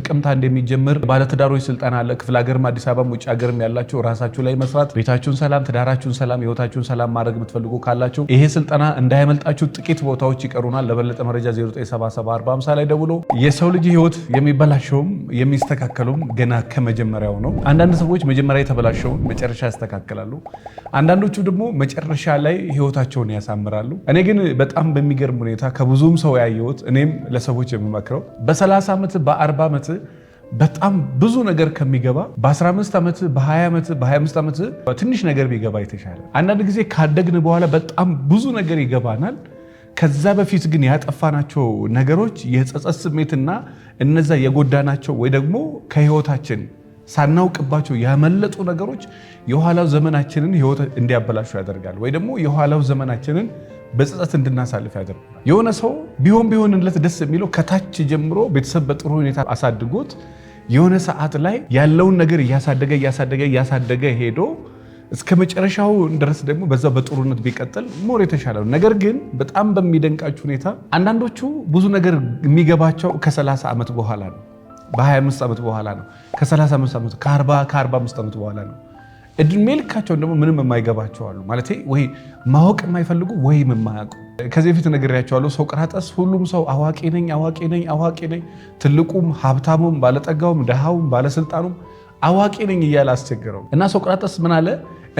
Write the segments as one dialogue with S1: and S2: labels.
S1: to ጥቅምት እንደሚጀምር ባለትዳሮች ስልጠና አለ። ክፍለ ሀገርም አዲስ አበባም ውጭ ሀገርም ያላቸው ራሳችሁ ላይ መስራት፣ ቤታችሁን ሰላም፣ ትዳራችሁን ሰላም፣ ህይወታችሁን ሰላም ማድረግ የምትፈልጉ ካላችሁ ይሄ ስልጠና እንዳይመልጣችሁ ጥቂት ቦታዎች ይቀሩናል። ለበለጠ መረጃ 0977 ላይ ደውሎ የሰው ልጅ ህይወት የሚበላሸውም የሚስተካከሉም ገና ከመጀመሪያው ነው። አንዳንድ ሰዎች መጀመሪያ የተበላሸውን መጨረሻ ያስተካክላሉ። አንዳንዶቹ ደግሞ መጨረሻ ላይ ህይወታቸውን ያሳምራሉ። እኔ ግን በጣም በሚገርም ሁኔታ ከብዙም ሰው ያየሁት እኔም ለሰዎች የምመክረው በ30 ዓመት በ40 ዓመት በጣም ብዙ ነገር ከሚገባ በ15 ዓመት በ20 ዓመት በ25 ዓመት ትንሽ ነገር ቢገባ የተሻለ። አንዳንድ ጊዜ ካደግን በኋላ በጣም ብዙ ነገር ይገባናል። ከዛ በፊት ግን ያጠፋናቸው ነገሮች የጸጸት ስሜትና እነዛ የጎዳናቸው ወይ ደግሞ ከህይወታችን ሳናውቅባቸው ያመለጡ ነገሮች የኋላው ዘመናችንን ህይወት እንዲያበላሹ ያደርጋል ወይ ደግሞ የኋላው ዘመናችንን በጸጸት እንድናሳልፍ ያደርጉናል። የሆነ ሰው ቢሆን ቢሆንለት ደስ የሚለው ከታች ጀምሮ ቤተሰብ በጥሩ ሁኔታ አሳድጎት የሆነ ሰዓት ላይ ያለውን ነገር እያሳደገ እያሳደገ እያሳደገ ሄዶ እስከ መጨረሻው ድረስ ደግሞ በዛ በጥሩነት ቢቀጥል ሞር የተሻለ ነው። ነገር ግን በጣም በሚደንቃችሁ ሁኔታ አንዳንዶቹ ብዙ ነገር የሚገባቸው ከ30 ዓመት በኋላ ነው፣ በ25 ዓመት በኋላ ነው፣ ከ35 ዓመት ከ40 ከ45 ዓመት በኋላ ነው። እድሜ ልካቸውን ደግሞ ምንም የማይገባቸው አሉ። ማለት ወይ ማወቅ የማይፈልጉ ወይም የማያውቁ ከዚህ በፊት ነግሬያቸዋለሁ። ሰው ቅራጠስ፣ ሁሉም ሰው አዋቂ ነኝ አዋቂ ነኝ አዋቂ ነኝ፣ ትልቁም ሀብታሙም ባለጠጋውም ድሃውም ባለስልጣኑም አዋቂ ነኝ እያለ አስቸግረው እና ሶቅራጠስ ምን አለ?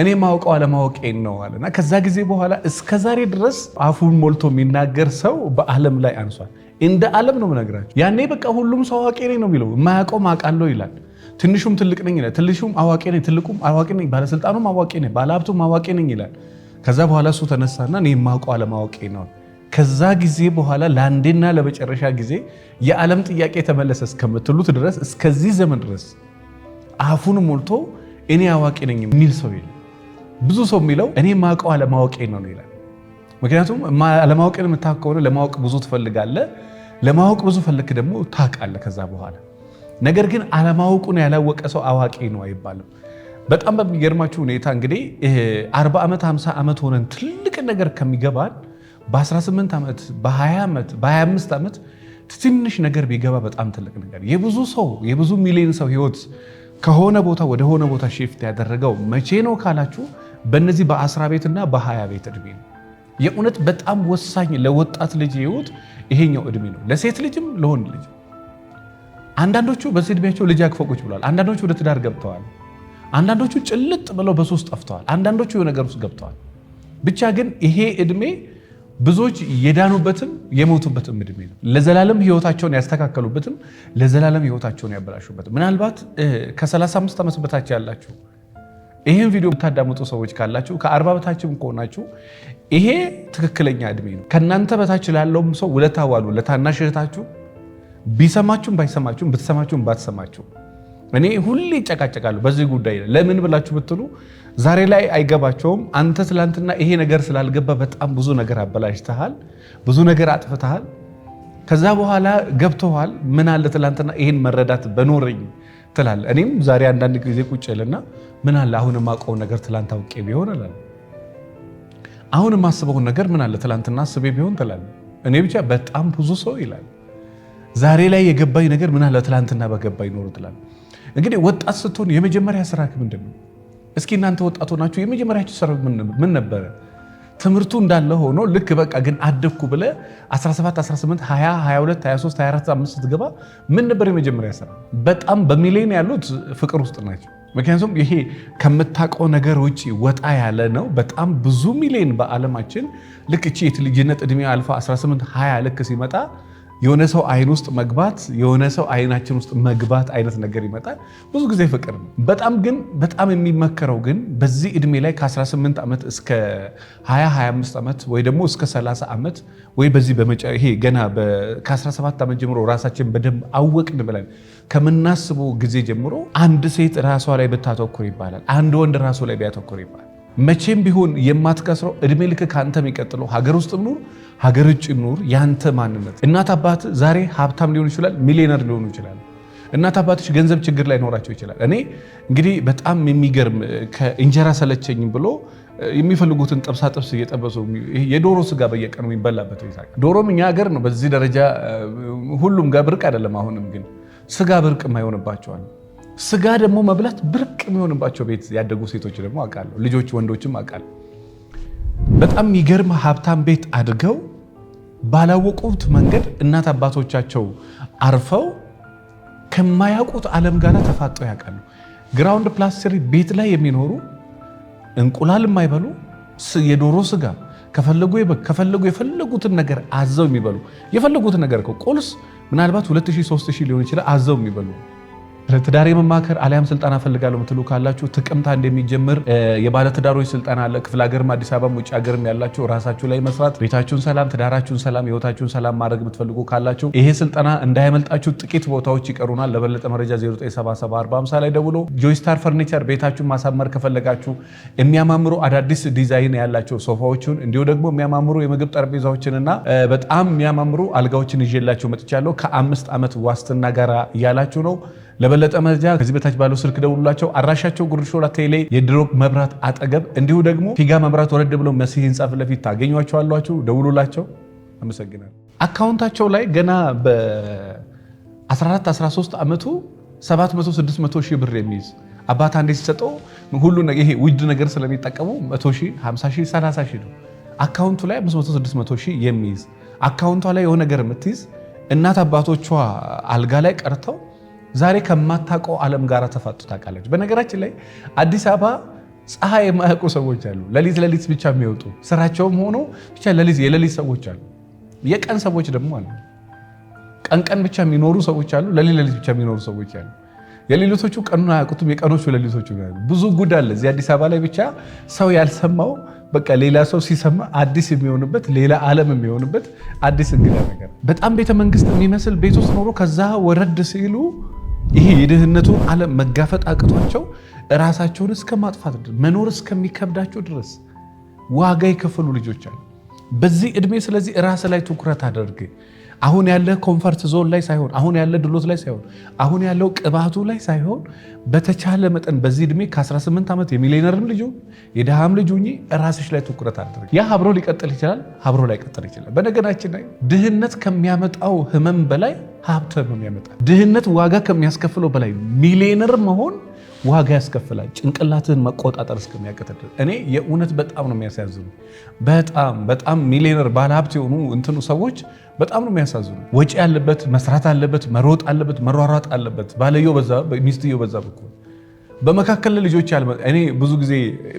S1: እኔ ማውቀው አለማወቄን ነው እና ከዛ ጊዜ በኋላ እስከ ዛሬ ድረስ አፉን ሞልቶ የሚናገር ሰው በዓለም ላይ አንሷል። እንደ ዓለም ነው የምነግራቸው። ያኔ በቃ ሁሉም ሰው አዋቂ ነኝ ነው የሚለው። የማያውቀው አውቃለሁ ይላል። ትንሹም ትልቅ ነኝ ይላል። ትንሹም አዋቂ ነኝ፣ ትልቁም አዋቂ ነኝ፣ ባለስልጣኑም አዋቂ ነኝ፣ ባለሀብቱም አዋቂ ነኝ ይላል። ከዛ በኋላ እሱ ተነሳና እኔ የማውቀው አለማወቂ ነው። ከዛ ጊዜ በኋላ ለአንዴና ለመጨረሻ ጊዜ የዓለም ጥያቄ ተመለሰ እስከምትሉት ድረስ እስከዚህ ዘመን ድረስ አፉን ሞልቶ እኔ አዋቂ ነኝ የሚል ሰው የለም። ብዙ ሰው የሚለው እኔ የማውቀው አለማወቄ ነው ይላል። ምክንያቱም ለማወቅን የምታውቅ ከሆነ ለማወቅ ብዙ ትፈልጋለህ። ለማወቅ ብዙ ፈልክ ደግሞ ታውቃለህ ከዛ በኋላ ነገር ግን አለማወቁን ያላወቀ ሰው አዋቂ ነው አይባልም። በጣም በሚገርማችሁ ሁኔታ እንግዲህ 40 ዓመት 50 ዓመት ሆነን ትልቅ ነገር ከሚገባን በ18 ዓመት በ20 ዓመት በ25 ዓመት ትንሽ ነገር ቢገባ በጣም ትልቅ ነገር የብዙ ሰው የብዙ ሚሊዮን ሰው ህይወት ከሆነ ቦታ ወደ ሆነ ቦታ ሽፍት ያደረገው መቼ ነው ካላችሁ በእነዚህ በአስራ ቤትና በ20 ቤት እድሜ ነው። የእውነት በጣም ወሳኝ ለወጣት ልጅ ህይወት ይሄኛው እድሜ ነው፣ ለሴት ልጅም ለወንድ ልጅ። አንዳንዶቹ በዚህ እድሜያቸው ልጅ አቅፈው ብለዋል። አንዳንዶቹ ወደ ትዳር ገብተዋል። አንዳንዶቹ ጭልጥ ብለው በሶስት ጠፍተዋል። አንዳንዶቹ ነገር ውስጥ ገብተዋል። ብቻ ግን ይሄ እድሜ ብዙዎች የዳኑበትም የሞቱበትም እድሜ ነው። ለዘላለም ህይወታቸውን ያስተካከሉበትም ለዘላለም ህይወታቸውን ያበላሹበትም። ምናልባት ከ35 ዓመት በታች ያላችሁ ይህን ቪዲዮ የምታዳምጡ ሰዎች ካላችሁ ከአርባ በታችም ከሆናችሁ ይሄ ትክክለኛ እድሜ ነው። ከእናንተ በታች ላለውም ሰው ውለታ ዋሉ። ለታናሽ እህታችሁ ቢሰማችሁም ባይሰማችሁም ብትሰማችሁም ባትሰማችሁ እኔ ሁሌ ይጨቃጨቃሉ በዚህ ጉዳይ ለምን ብላችሁ ብትሉ ዛሬ ላይ አይገባቸውም። አንተ ትላንትና ይሄ ነገር ስላልገባ በጣም ብዙ ነገር አበላሽተሃል፣ ብዙ ነገር አጥፍተሃል። ከዛ በኋላ ገብተዋል። ምን አለ ትላንትና ይሄን መረዳት በኖረኝ ትላል። እኔም ዛሬ አንዳንድ ጊዜ ቁጭ ልና ምን አለ አሁን የማውቀውን ነገር ትላንት አውቄ ቢሆን እላለሁ። አሁን የማስበውን ነገር ምን አለ ትላንትና አስቤ ቢሆን ትላለህ። እኔ ብቻ በጣም ብዙ ሰው ይላል። ዛሬ ላይ የገባኝ ነገር ምን አለ ትላንትና በገባኝ ኖሮ ትላለህ። እንግዲህ ወጣት ስትሆን የመጀመሪያ ስራህ ምንድን ነው? እስኪ እናንተ ወጣት ሆናችሁ የመጀመሪያችሁ ስራ ምን ነበረ? ትምህርቱ እንዳለ ሆኖ ልክ በቃ ግን አደግኩ ብለ 17 18 20 22 23 24 25 ስትገባ ምን ነበር የመጀመሪያ ስራ? በጣም በሚሊዮን ያሉት ፍቅር ውስጥ ናቸው። ምክንያቱም ይሄ ከምታውቀው ነገር ውጭ ወጣ ያለ ነው። በጣም ብዙ ሚሊዮን በዓለማችን ልክ እቺ የልጅነት ዕድሜ አልፋ 18 20 ልክ ሲመጣ የሆነ ሰው አይን ውስጥ መግባት የሆነ ሰው አይናችን ውስጥ መግባት አይነት ነገር ይመጣል። ብዙ ጊዜ ፍቅር ነው። በጣም ግን በጣም የሚመከረው ግን በዚህ እድሜ ላይ ከ18 ዓመት እስከ 225 ዓመት ወይ ደግሞ እስከ 30 ዓመት ወይ በዚህ በመጫ ይሄ ገና ከ17 ዓመት ጀምሮ ራሳችን በደንብ አወቅን ብለን ከምናስበው ጊዜ ጀምሮ አንድ ሴት ራሷ ላይ ብታተኩር ይባላል። አንድ ወንድ ራሱ ላይ ቢያተኩር ይባላል። መቼም ቢሆን የማትከስረው እድሜ ልክ ከአንተ የሚቀጥለው ሀገር ውስጥ ኑር ሀገር ውጭ ኑር የአንተ ማንነት። እናት አባት ዛሬ ሀብታም ሊሆኑ ይችላል፣ ሚሊዮነር ሊሆኑ ይችላል። እናት አባቶች ገንዘብ ችግር ላይ ኖራቸው ይችላል። እኔ እንግዲህ በጣም የሚገርም ከእንጀራ ሰለቸኝ ብሎ የሚፈልጉትን ጥብሳ ጥብስ እየጠበሱ የዶሮ ስጋ በየቀኑ የሚበላበት ሁኔታ ዶሮም እኛ ሀገር ነው በዚህ ደረጃ ሁሉም ጋር ብርቅ አይደለም። አሁንም ግን ስጋ ብርቅ የማይሆንባቸዋል ስጋ ደግሞ መብላት ብርቅ የሚሆንባቸው ቤት ያደጉ ሴቶች ደግሞ አውቃለሁ፣ ልጆች ወንዶችም አውቃለሁ። በጣም የሚገርም ሀብታም ቤት አድገው ባላወቁት መንገድ እናት አባቶቻቸው አርፈው ከማያውቁት ዓለም ጋር ተፋጠው ያውቃሉ። ግራውንድ ፕላስ ቤት ላይ የሚኖሩ እንቁላል የማይበሉ የዶሮ ስጋ ከፈለጉ የበግ ከፈለጉ የፈለጉትን ነገር አዘው የሚበሉ የፈለጉትን ነገር ቁልስ ምናልባት 2000 3000 ሊሆን ይችላል አዘው የሚበሉ ስለትዳር የመማከር አሊያም ስልጠና ፈልጋለሁ ምትሉ ካላችሁ ትቅምታ እንደሚጀምር የባለትዳሮች ስልጠና አለ። ክፍለ ሀገርም አዲስ አበባም ውጭ ሀገርም ያላችሁ ራሳችሁ ላይ መስራት፣ ቤታችሁን ሰላም፣ ትዳራችሁን ሰላም፣ ህይወታችሁን ሰላም ማድረግ የምትፈልጉ ካላችሁ ይሄ ስልጠና እንዳይመልጣችሁ ጥቂት ቦታዎች ይቀሩናል። ለበለጠ መረጃ 0974 ላይ ደውሎ ጆይስታር ፈርኒቸር ቤታችሁን ማሳመር ከፈለጋችሁ የሚያማምሩ አዳዲስ ዲዛይን ያላቸው ሶፋዎችን እንዲሁ ደግሞ የሚያማምሩ የምግብ ጠረጴዛዎችንና በጣም የሚያማምሩ አልጋዎችን ይዤላቸው መጥቻለሁ ከአምስት ዓመት ዋስትና ጋር እያላችሁ ነው። ለበለጠ መረጃ ከዚህ በታች ባለው ስልክ ደውሉላቸው። አድራሻቸው ጉርድ ሾላ ቴሌ መብራት አጠገብ እንዲሁ ደግሞ ፊጋ መብራት ወረድ ብለው መሲህ ህንፃ ፊት ለፊት አሏቸው። ደውሉላቸው። አመሰግናለሁ። አካውንታቸው ላይ ገና በ14 13 ዓመቱ 700 600 ሺህ ብር የሚይዝ አባት አንዴ ሲሰጠው ሁሉ ይሄ ውድ ነገር ስለሚጠቀሙ 100 50 30 ሺህ ነው አካውንቱ ላይ 500 600 ሺህ የሚይዝ አካውንቷ ላይ የሆነ ነገር የምትይዝ እናት አባቶቿ አልጋ ላይ ቀርተው ዛሬ ከማታውቀው ዓለም ጋር ተፋጡ ታውቃለች። በነገራችን ላይ አዲስ አበባ ፀሐይ የማያውቁ ሰዎች አሉ። ለሊት ለሊት ብቻ የሚወጡ ስራቸውም ሆኖ ብቻ የሌሊት ሰዎች አሉ። የቀን ሰዎች ደግሞ አሉ። ቀን ቀን ብቻ የሚኖሩ ሰዎች አሉ። ለሊት ለሊት ብቻ የሚኖሩ ሰዎች አሉ። የሌሊቶቹ ቀኑን አያውቁትም፣ የቀኖቹ ሌሊቶቹ። ብዙ ጉድ አለ እዚህ አዲስ አበባ ላይ ብቻ ሰው ያልሰማው በቃ ሌላ ሰው ሲሰማ አዲስ የሚሆንበት ሌላ ዓለም የሚሆንበት አዲስ እንግዳ ነገር በጣም ቤተመንግስት የሚመስል ቤት ውስጥ ኖሮ ከዛ ወረድ ሲሉ ይሄ የድህነቱ ዓለም መጋፈጥ አቅቷቸው ራሳቸውን እስከ ማጥፋት መኖር እስከሚከብዳቸው ድረስ ዋጋ የከፈሉ ልጆች አሉ። በዚህ እድሜ ስለዚህ ራስ ላይ ትኩረት አድርግ። አሁን ያለ ኮንፈርት ዞን ላይ ሳይሆን፣ አሁን ያለ ድሎት ላይ ሳይሆን፣ አሁን ያለው ቅባቱ ላይ ሳይሆን በተቻለ መጠን በዚህ እድሜ ከ18 ዓመት የሚሊነርም ልጁ የድሃም ልጁ ራስሽ ላይ ትኩረት አድርጊ። ያ አብሮ ሊቀጥል ይችላል፣ አብሮ ላይቀጥል ይችላል። በነገራችን ላይ ድህነት ከሚያመጣው ህመም በላይ ሀብት ህመም ያመጣል። ድህነት ዋጋ ከሚያስከፍለው በላይ ሚሊነር መሆን ዋጋ ያስከፍላል። ጭንቅላትህን መቆጣጠር እስከሚያቀት እኔ የእውነት በጣም ነው የሚያሳዝኑ። በጣም በጣም ሚሊዮነር ባለሀብት የሆኑ እንትኑ ሰዎች በጣም ነው የሚያሳዝኑ። ወጪ አለበት፣ መስራት አለበት፣ መሮጥ አለበት፣ መሯሯጥ አለበት። ባለየው በዛ፣ ሚስትየው በዛ በኩል በመካከል ልጆች ያልመ እኔ ብዙ ጊዜ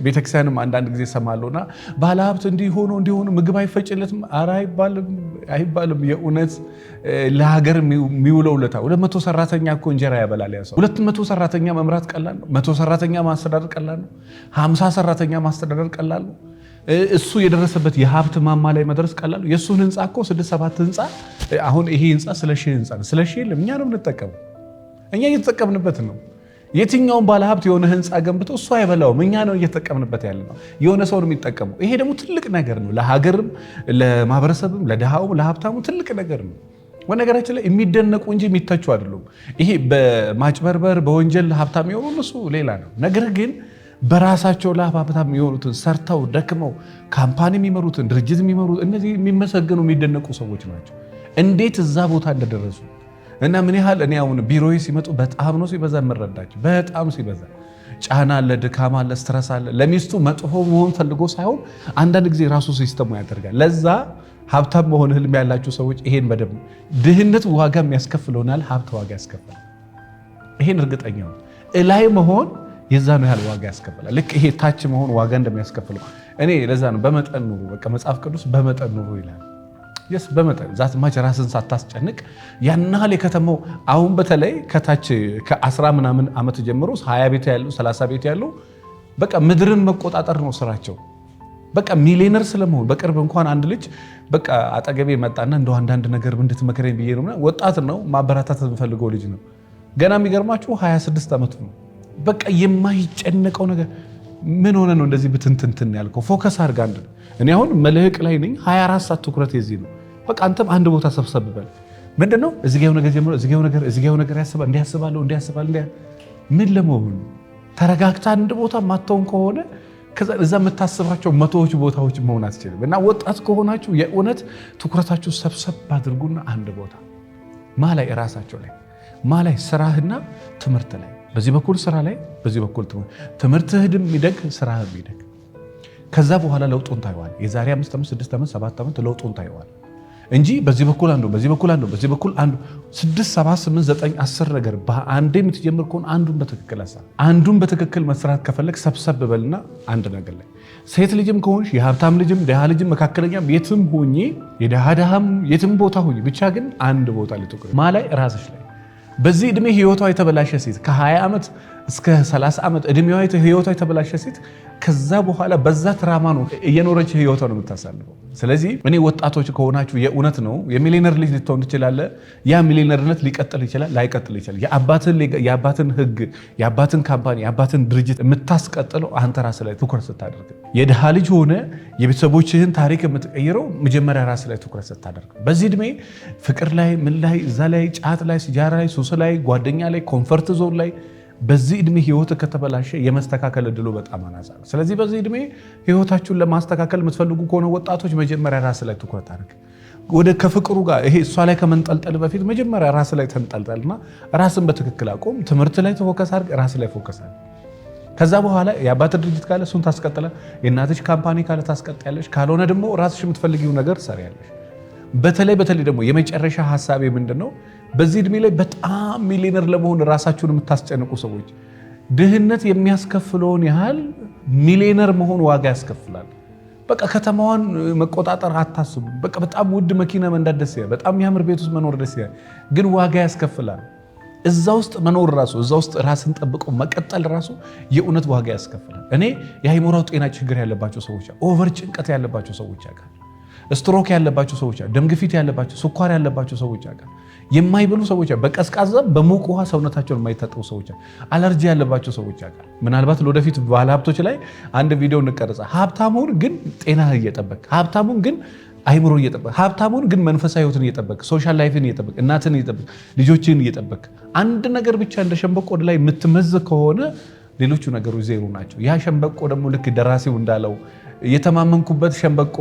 S1: ቤተክርስቲያንም አንዳንድ ጊዜ ሰማለሁና ባለሀብት እንዲሆኑ እንዲሆኑ ምግብ አይፈጭለትም። ኧረ አይባልም። የእውነት ለሀገር የሚውለው ለታ ሁለት መቶ ሰራተኛ እኮ እንጀራ ያበላል። ያ ሰው ሁለት መቶ ሰራተኛ መምራት ቀላል ነው። መቶ ሰራተኛ ማስተዳደር ቀላል ነው። ሀምሳ ሰራተኛ ማስተዳደር ቀላል ነው። እሱ የደረሰበት የሀብት ማማ ላይ መድረስ ቀላሉ። የእሱን ህንፃ እኮ ስድስት ሰባት ህንፃ አሁን ይሄ ህንፃ ስለ ሺህ ህንፃ ነው። ስለ ሺህ የለም፣ እኛ ነው የምንጠቀመው፣ እኛ እየተጠቀምንበት ነው። የትኛውም ባለሀብት የሆነ ህንፃ ገንብቶ እሱ አይበላውም፣ እኛ ነው እየተጠቀምንበት ያለ ነው። የሆነ ሰው ነው የሚጠቀመው። ይሄ ደግሞ ትልቅ ነገር ነው፣ ለሀገርም፣ ለማህበረሰብም፣ ለድሃውም፣ ለሀብታሙ ትልቅ ነገር ነው። በነገራችን ላይ የሚደነቁ እንጂ የሚተቹ አይደሉም። ይሄ በማጭበርበር በወንጀል ሀብታም የሆኑ እሱ ሌላ ነው። ነገር ግን በራሳቸው ላፍ ሀብታም የሚሆኑትን ሰርተው ደክመው ካምፓኒ የሚመሩትን ድርጅት የሚመሩት እነዚህ የሚመሰገኑ የሚደነቁ ሰዎች ናቸው። እንዴት እዛ ቦታ እንደደረሱ እና ምን ያህል እኔ አሁን ቢሮ ሲመጡ በጣም ነው ሲበዛ የምረዳቸው። በጣም ሲበዛ ጫና አለ፣ ድካም አለ፣ ስትረስ አለ። ለሚስቱ መጥፎ መሆን ፈልጎ ሳይሆን አንዳንድ ጊዜ ራሱ ሲስተሙ ያደርጋል። ለዛ ሀብታም መሆን ህልም ያላቸው ሰዎች ይሄን በደምብ ድህነት ዋጋ የሚያስከፍለውናል፣ ሀብት ዋጋ ያስከፍላል። ይሄን እርግጠኛ እላይ መሆን የዛ ነው ያህል ዋጋ ያስከፍላል። ልክ ይሄ ታች መሆን ዋጋ እንደሚያስከፍለው እኔ ለዛ ነው በመጠን ኑሩ። በቃ መጽሐፍ ቅዱስ በመጠን ኑሩ ይላል። ስ በመጠን ዛትማች ራስን ሳታስጨንቅ ያናህል የከተማው አሁን በተለይ ከታች ከአስራ ምናምን ዓመት ጀምሮ ሀያ ቤት ያለው ሰላሳ ቤት ያለው በቃ ምድርን መቆጣጠር ነው ስራቸው። በቃ ሚሊዮነር ስለመሆን በቅርብ እንኳን አንድ ልጅ በቃ አጠገቤ መጣና እንደ አንዳንድ ነገር እንድትመክረኝ ብዬ ነው። ወጣት ነው ማበረታታት የምፈልገው ልጅ ነው። ገና የሚገርማችሁ 26 ዓመቱ ነው። በቃ የማይጨነቀው ነገር ምን ሆነ ነው እንደዚህ ብትንትንትን ያልከው? ፎከስ አድርግ አንድ። እኔ አሁን መልህቅ ላይ ነኝ 24 ሰዓት ትኩረት የዚህ ነው። በቃ አንተም አንድ ቦታ ሰብሰብ በል። ምንድን ነው እዚህ ጋር ነገር ጀምሮ እዚህ ጋር ነገር እዚህ ጋር ነገር ያስባል፣ እንዲያስባለሁ እንዲያስባል። ምን ለመሆኑ ተረጋግታ አንድ ቦታ ማተውን ከሆነ ከዛ እዛ የምታስባቸው መቶዎች ቦታዎች መሆን አትችልም። እና ወጣት ከሆናችሁ የእውነት ትኩረታችሁ ሰብሰብ አድርጉና አንድ ቦታ ማ ላይ ራሳቸው ላይ ማ ላይ ስራህና ትምህርት ላይ በዚህ በኩል ስራ ላይ፣ በዚህ በኩል ትምህርትህ የሚደግ ስራ የሚደግ ከዛ በኋላ ለውጡን ታየዋል። የዛሬ አምስት ዓመት ስድስት ዓመት ሰባት ዓመት ለውጡን ታየዋል እንጂ በዚህ በኩል አንዱ በዚህ በኩል አንዱ በዚህ በኩል አንዱ ስድስት ሰባት ስምንት ዘጠኝ አስር ነገር በአንዴ የምትጀምር ከሆነ አንዱን በትክክል አሳ አንዱን በትክክል መስራት ከፈለግ ሰብሰብ በልና አንድ ነገር ላይ ሴት ልጅም ከሆንሽ የሀብታም ልጅም ድሃ ልጅም መካከለኛም የትም ሆኜ የድሃ ድሃም የትም ቦታ ሆኜ ብቻ ግን አንድ ቦታ ልትቆይ ማ ላይ ራስሽ ላይ በዚህ እድሜ ህይወቷ የተበላሸ ሴት ከ20 ዓመት እስከ 30 ዓመት እድሜዋ ህይወቷ የተበላሸ ሴት ከዛ በኋላ በዛ ትራማ ነው እየኖረች ህይወቷ ነው የምታሳልፈው። ስለዚህ እኔ ወጣቶች ከሆናችሁ የእውነት ነው የሚሊነር ልጅ ልትሆን ትችላለ። ያ ሚሊነርነት ሊቀጥል ይችላል፣ ላይቀጥል ይችላል። የአባትን ህግ፣ የአባትን ካምፓኒ፣ የአባትን ድርጅት የምታስቀጥለው አንተ ራስ ላይ ትኩረት ስታደርግ፣ የድሃ ልጅ ሆነ የቤተሰቦችህን ታሪክ የምትቀይረው መጀመሪያ ራስ ላይ ትኩረት ስታደርግ። በዚህ እድሜ ፍቅር ላይ ምን ላይ እዛ ላይ ጫት ላይ ሲጃራ ላይ ሱስ ላይ ጓደኛ ላይ ኮንፈርት ዞን ላይ በዚህ እድሜ ህይወት ከተበላሸ የመስተካከል እድሉ በጣም አናሳ ነው። ስለዚህ በዚህ እድሜ ህይወታችሁን ለማስተካከል የምትፈልጉ ከሆነ ወጣቶች መጀመሪያ ራስ ላይ ትኩረት አድርግ። ወደ ከፍቅሩ ጋር ይሄ እሷ ላይ ከመንጠልጠል በፊት መጀመሪያ ራስ ላይ ተንጠልጠልና ራስን በትክክል አቆም። ትምህርት ላይ ፎከስ አድርግ፣ ራስ ላይ ፎከስ አድርግ። ከዛ በኋላ የአባት ድርጅት ካለ እሱን ታስቀጥለ፣ የእናትሽ ካምፓኒ ካለ ታስቀጥያለሽ። ካልሆነ ደግሞ ራስሽ የምትፈልጊው ነገር ትሰሪያለሽ። በተለይ በተለይ ደግሞ የመጨረሻ ሀሳቤ ምንድን ነው? በዚህ እድሜ ላይ በጣም ሚሊነር ለመሆን ራሳችሁን የምታስጨንቁ ሰዎች ድህነት የሚያስከፍለውን ያህል ሚሊነር መሆን ዋጋ ያስከፍላል። በቃ ከተማዋን መቆጣጠር አታስቡ። በቃ በጣም ውድ መኪና መንዳት ደስ ይላል። በጣም የሚያምር ቤት ውስጥ መኖር ደስ ይላል፣ ግን ዋጋ ያስከፍላል። እዛ ውስጥ መኖር ራሱ እዛ ውስጥ ራስን ጠብቆ መቀጠል ራሱ የእውነት ዋጋ ያስከፍላል። እኔ የአእምሮ ጤና ችግር ያለባቸው ሰዎች፣ ኦቨር ጭንቀት ያለባቸው ሰዎች፣ ስትሮክ ያለባቸው ሰዎች፣ ደም ግፊት ያለባቸው፣ ስኳር ያለባቸው ሰዎች የማይበሉ ሰዎች በቀዝቃዛ በሙቅ ውሃ ሰውነታቸውን የማይታጠቡ ሰዎች አለርጂ ያለባቸው ሰዎች አሉ። ምናልባት ለወደፊት ባለ ሀብቶች ላይ አንድ ቪዲዮ እንቀረጸ። ሀብታሙን ግን ጤና እየጠበቅ ሀብታሙን ግን አይምሮ እየጠበቅ ሀብታሙን ግን መንፈሳዊ ህይወትን እየጠበቅ ሶሻል ላይፍን እየጠበቅ እናትን እየጠበቅ ልጆችን እየጠበቅ አንድ ነገር ብቻ እንደ ሸንበቆ ወደ ላይ የምትመዝ ከሆነ ሌሎቹ ነገሮች ዜሮ ናቸው። ያ ሸንበቆ ደግሞ ልክ ደራሲው እንዳለው የተማመንኩበት ሸንበቆ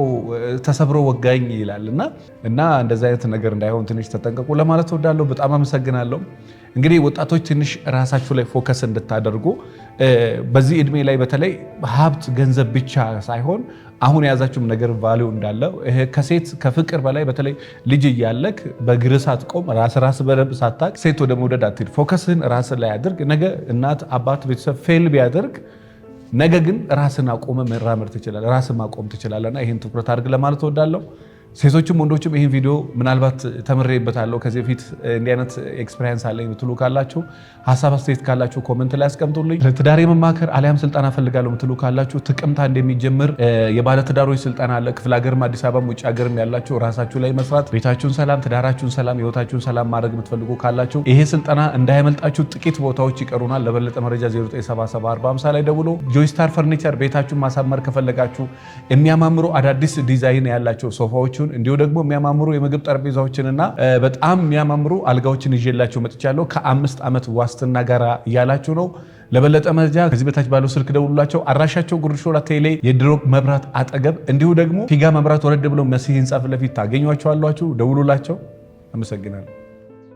S1: ተሰብሮ ወጋኝ ይላል እና እና እንደዚ አይነት ነገር እንዳይሆን ትንሽ ተጠንቀቁ ለማለት እወዳለሁ። በጣም አመሰግናለሁ። እንግዲህ ወጣቶች ትንሽ ራሳችሁ ላይ ፎከስ እንድታደርጉ በዚህ እድሜ ላይ በተለይ ሀብት ገንዘብ ብቻ ሳይሆን አሁን የያዛችሁም ነገር ቫሊው እንዳለው ከሴት ከፍቅር በላይ በተለይ ልጅ እያለክ በግር ሳትቆም ራስ ራስ በደንብ ሳታቅ ሴት ወደ መውደድ አትሄድ። ፎከስን ራስ ላይ አድርግ። ነገ እናት አባት ቤተሰብ ፌል ቢያደርግ ነገ ግን ራስን አቆመ መራመድ ትችላለህ። ራስን ማቆም ትችላለህና ይህን ትኩረት አድርግ ለማለት እወዳለሁ። ሴቶችም ወንዶችም ይህን ቪዲዮ ምናልባት ተምሬበታለሁ ከዚህ በፊት እንዲህ አይነት ኤክስፔሪንስ አለኝ ምትሉ ካላችሁ ሀሳብ አስተያየት ካላችሁ ኮመንት ላይ አስቀምጡልኝ። ለትዳሬ መማከር አሊያም ስልጠና ፈልጋለሁ ምትሉ ካላችሁ ጥቅምታ እንደሚጀምር የባለትዳሮች ስልጠና አለ። ክፍለ ሀገርም፣ አዲስ አበባም ውጭ ሀገርም ያላችሁ ራሳችሁ ላይ መስራት፣ ቤታችሁን ሰላም፣ ትዳራችሁን ሰላም፣ ህይወታችሁን ሰላም ማድረግ የምትፈልጉ ካላችሁ ይሄ ስልጠና እንዳይመልጣችሁ ጥቂት ቦታዎች ይቀሩናል። ለበለጠ መረጃ 097745 ላይ ደውሎ ጆይስታር ፈርኒቸር ቤታችሁን ማሳመር ከፈለጋችሁ የሚያማምሩ አዳዲስ ዲዛይን ያላቸው ሶፋዎች ቴሌቪዥኑን እንዲሁ ደግሞ የሚያማምሩ የምግብ ጠረጴዛዎችንና በጣም የሚያማምሩ አልጋዎችን ይዤላችሁ መጥቻለሁ። ከአምስት ዓመት ዋስትና ጋር እያላችሁ ነው። ለበለጠ መረጃ ከዚህ በታች ባለው ስልክ ደውሉላቸው። አድራሻቸው ጉርድ ሾላ ቴሌ የድሮ መብራት አጠገብ እንዲሁ ደግሞ ፊጋ መብራት ወረድ ብለው መሲህ ህንፃ ፊት ለፊት ታገኟቸዋላችሁ። ደውሉላቸው። አመሰግናለሁ።